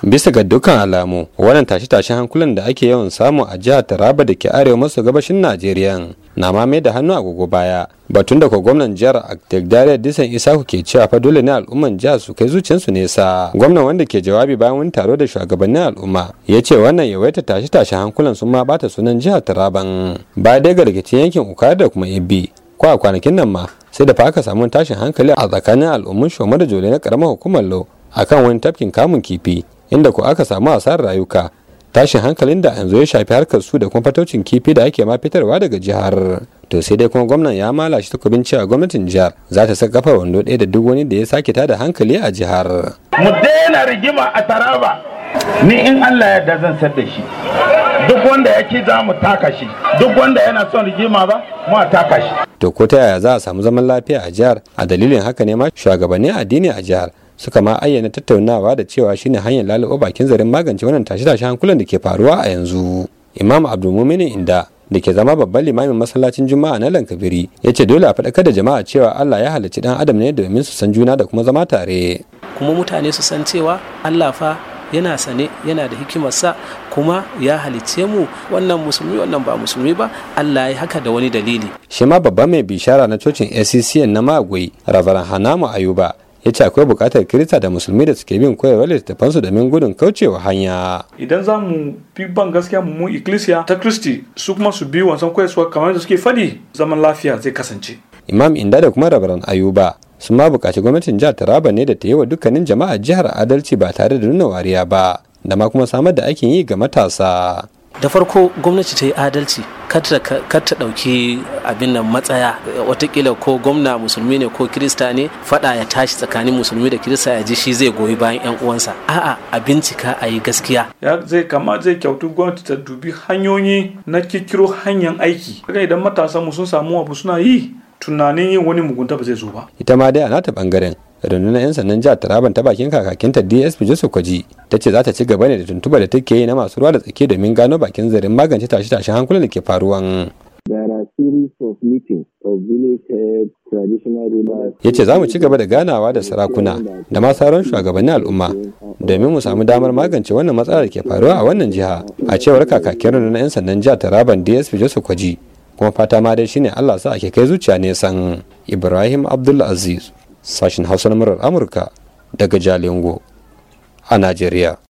bisa ga dukkan alamu wannan tashe-tashen hankulan da ake yawan samu a jihar taraba da ke arewa maso gabashin najeriya na mai da hannu a agogo baya batun da ko gwamnan jihar Dariya Disan ku ke cewa fa dole ne al'umman jihar su kai zuciyarsu nesa. Gwamnan wanda ke jawabi bayan wani taro da shugabannin al'umma ya ce wannan yawaita tashi tashi hankulan sun ma bata sunan jihar Taraban. Ba dai ga rikicin yankin ukar da kuma Ibbi ko a kwanakin nan ma sai da fa aka samu tashin hankali a tsakanin al'umman Shoma da Jole na karamar hukumar Lo akan wani tafkin kamun kifi inda ko aka samu asarar rayuka tashin hankalin da yanzu ya shafi harkar su da kuma fatocin kifi da ake ma fitarwa daga jihar to sai dai kuma gwamnan ya malashi takobin cewa gwamnatin jihar za ta saka kafa wando ɗaya da duk wani da ya sake tada hankali a jihar mu daina rigima a taraba ni in allah yarda zan sar da shi duk wanda ya za mu taka shi duk wanda yana son rigima ba mu a taka shi to ko ta yaya za a samu zaman lafiya a jihar a dalilin haka ne ma shugabannin addini a jihar suka ma ayyana tattaunawa da cewa shine hanyar lalubo bakin zarin magance wannan tashe-tashe hankulan da ke faruwa a yanzu imam abdulmumin inda da ke zama babban limamin masallacin juma'a na lankabiri ya ce dole a faɗakar da jama'a cewa allah ya halicci dan adam ne domin su san juna da kuma zama tare kuma mutane su san cewa allah fa yana sane yana da hikimarsa kuma ya halicce mu wannan musulmi wannan ba musulmi ba Allah ya haka da wani dalili shi ma babban mai bishara na cocin SCCN na Magwai Rabaran Hanamu Ayuba ya ce akwai bukatar kirista da musulmi da suke bin koyarwar su domin gudun kaucewa hanya idan za mu bi ban gaskiya mu ikkilisiya ta kristi su kuma su bi wasan koyarwa kamar da suke fadi zaman lafiya zai kasance imam inda da kuma rabaran ayuba sun ma bukaci gwamnatin jihar taraba ne da ta yi wa dukkanin jama'a jihar adalci ba tare da nuna wariya ba da ma kuma samar da aikin yi ga matasa da farko gwamnati ta yi adalci kar ta ɗauki abin nan matsaya watakila ko gwamna musulmi ne ko kirista ne faɗa ya tashi tsakanin musulmi da kirista ya ji shi zai goyi bayan yan uwansa a'a a bincika a yi gaskiya ya zai kama zai kyautu gwamnati ta dubi hanyoyi na kikiro hanyar aiki kaga idan matasa mu sun samu abu suna yi tunanin yin wani mugunta ba zai zo ba ita ma dai a nata bangaren rundunar 'yan sandan jihar taraban ta bakin kakakinta dsp joseph kwaji ta ce za ta ci gaba ne da tuntuba da take yi na masu ruwa da tsaki domin gano bakin zarin magance tashe-tashen hankulan da ke faruwan ya ce za mu ci gaba da ganawa da sarakuna da ma sauran shugabannin al'umma domin mu samu damar magance wannan matsalar da ke faruwa a wannan jiha a cewar kakakin rundunar 'yan sandan jihar taraban dsp joseph kwaji kuma fata ma dai shine Allah sa ake kai zuciya ne san Ibrahim Abdul Aziz sashin Hausa na murar Amurka daga Jalingo a Najeriya